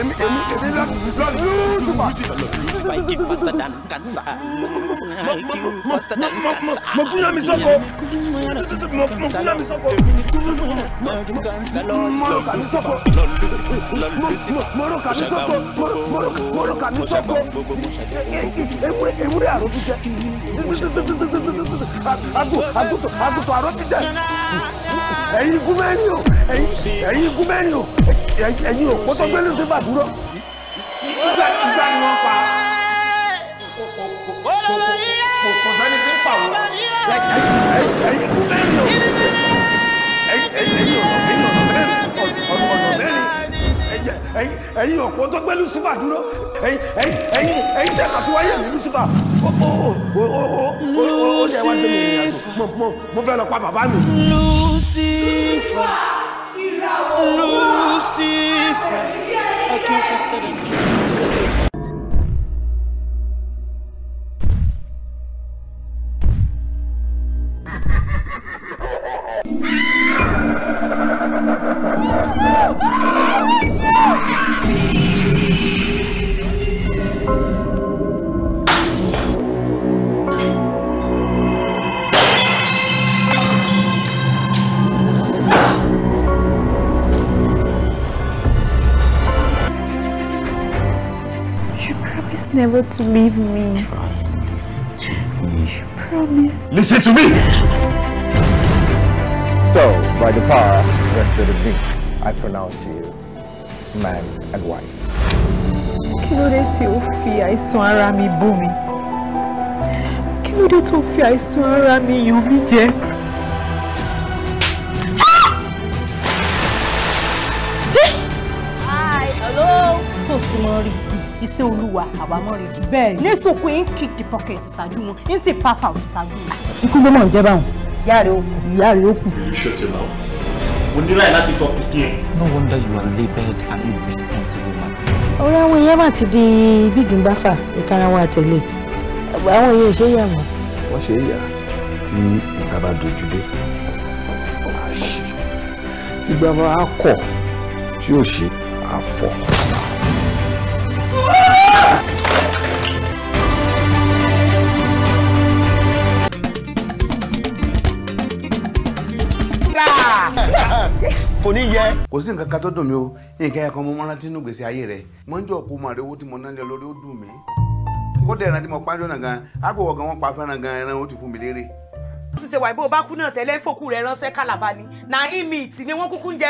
èmi èmi èmi lọ́dúnrún. mo kúnyà mi sọ́kọ mo kúnyà mi sọ́kọ mo kà mi sọ́kọ mo rò kà mi sọ́kọ mo rò kà mi sọ́kọ ewúrẹ́ àrò ti jẹ àgùntàn àrò ti jẹ ẹ̀yin gúmẹ́rin o ẹ̀yin gúmẹ́rin o ẹ̀yin òpó tó gbélé tó bá ìgbà ìgbà ni wọ́n pa kò sẹ́ni tí ń pa wọ́n. ẹ̀yin kú lẹ́yìn o ẹ̀yin ọ̀nà mẹ́rin ọ̀nà mẹ́rin ẹ̀yin òpó tó gbélé tó bá dúró ẹ̀yin tẹ̀ kàtí wáyé mi ní súpà ó ó ó ó ó ṣe wá gbé mi ìrìn àjò mo fẹ́ lọ pa bàbá mi. Lucifer. Lucy. never to leave me. Try and listen to me. You promised. Listen to me! So, by the power vested in me, I pronounce you man and wife. Kí ló o fi àìsàn ara mi bò mí? Kí ló fi àìsàn ara mi yàn mí jẹ? Hi, hello. Tó súnmọ́ rí iṣẹ́ olúwa àwámọ́rìndì. bẹ́ẹ̀ni ní sùkú ń kick the pocket ṣáájú wọn ń sì pass out ṣáájú wọn. ikú ló mọ̀ ń jẹ́ báwọn. ìyá rẹ̀ ó kù ìyá rẹ̀ ó kù. shut your mouth. mo ní láì láti tọ́ pikin ẹ. no wonder you are labelled an irresponsible man. ọ̀rọ̀ àwọn èèyàn máa ti di bígbìngbáfà ìkarahun àtẹ̀lé àwọn èèyàn ṣe yà wọ́n. wọ́n ṣe é yà tí ìgbà bá dojú dé àṣì tí ìgbà bá kọ̀ tí ò ṣe àfọ̀. kò ní yẹ. kò sí nǹkan kan dùn mí o nǹkan ẹ̀kan mo máa gbèsè ayé rẹ mo ń jọ kó rí tí mo ná lé lórí ó dùn mí kó dẹ̀ ẹran tí mo pàjọ́ náà gan gan wọ́n pa fẹ́ràn gan ẹran ó ti fún mi léèrè. wọ́n sì ṣe wà bá kú náà tẹ́lẹ̀ fòkú rẹ̀ na imi ni wọ́n kúkú ń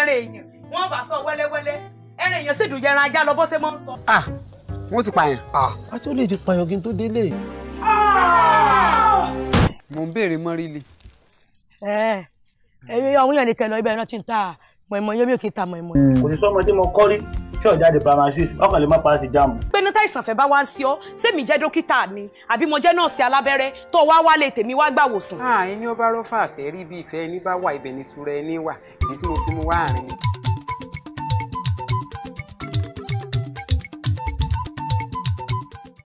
ẹyẹ ọ̀hún yẹn ni kẹlọ ibẹ̀ náà ti ń ta mọ̀ìmọ̀ yẹn bí òkè ta mọ̀ìmọ̀. Hmm. kò ní sọ́mọ tí mo kọ́ rí tí ọ̀já di primary six ọkàn lè má paasi jáàmù. pẹ́ẹ́nú táìsàn fẹ́ bá wá ń sí ọ sẹ́mi jẹ́ dókítà ni àbí mo jẹ́ nọ́ọ̀sì alábẹ́rẹ́ tó wá wá lè tèmi wá gbà wòsàn. àà ah, ẹni ó bá rọ́fà àfẹ́ rí bí ìfẹ́ ẹni bá wà ibẹ̀ ni ẹni wà ìdí tí mo fi mú wá àárín mi.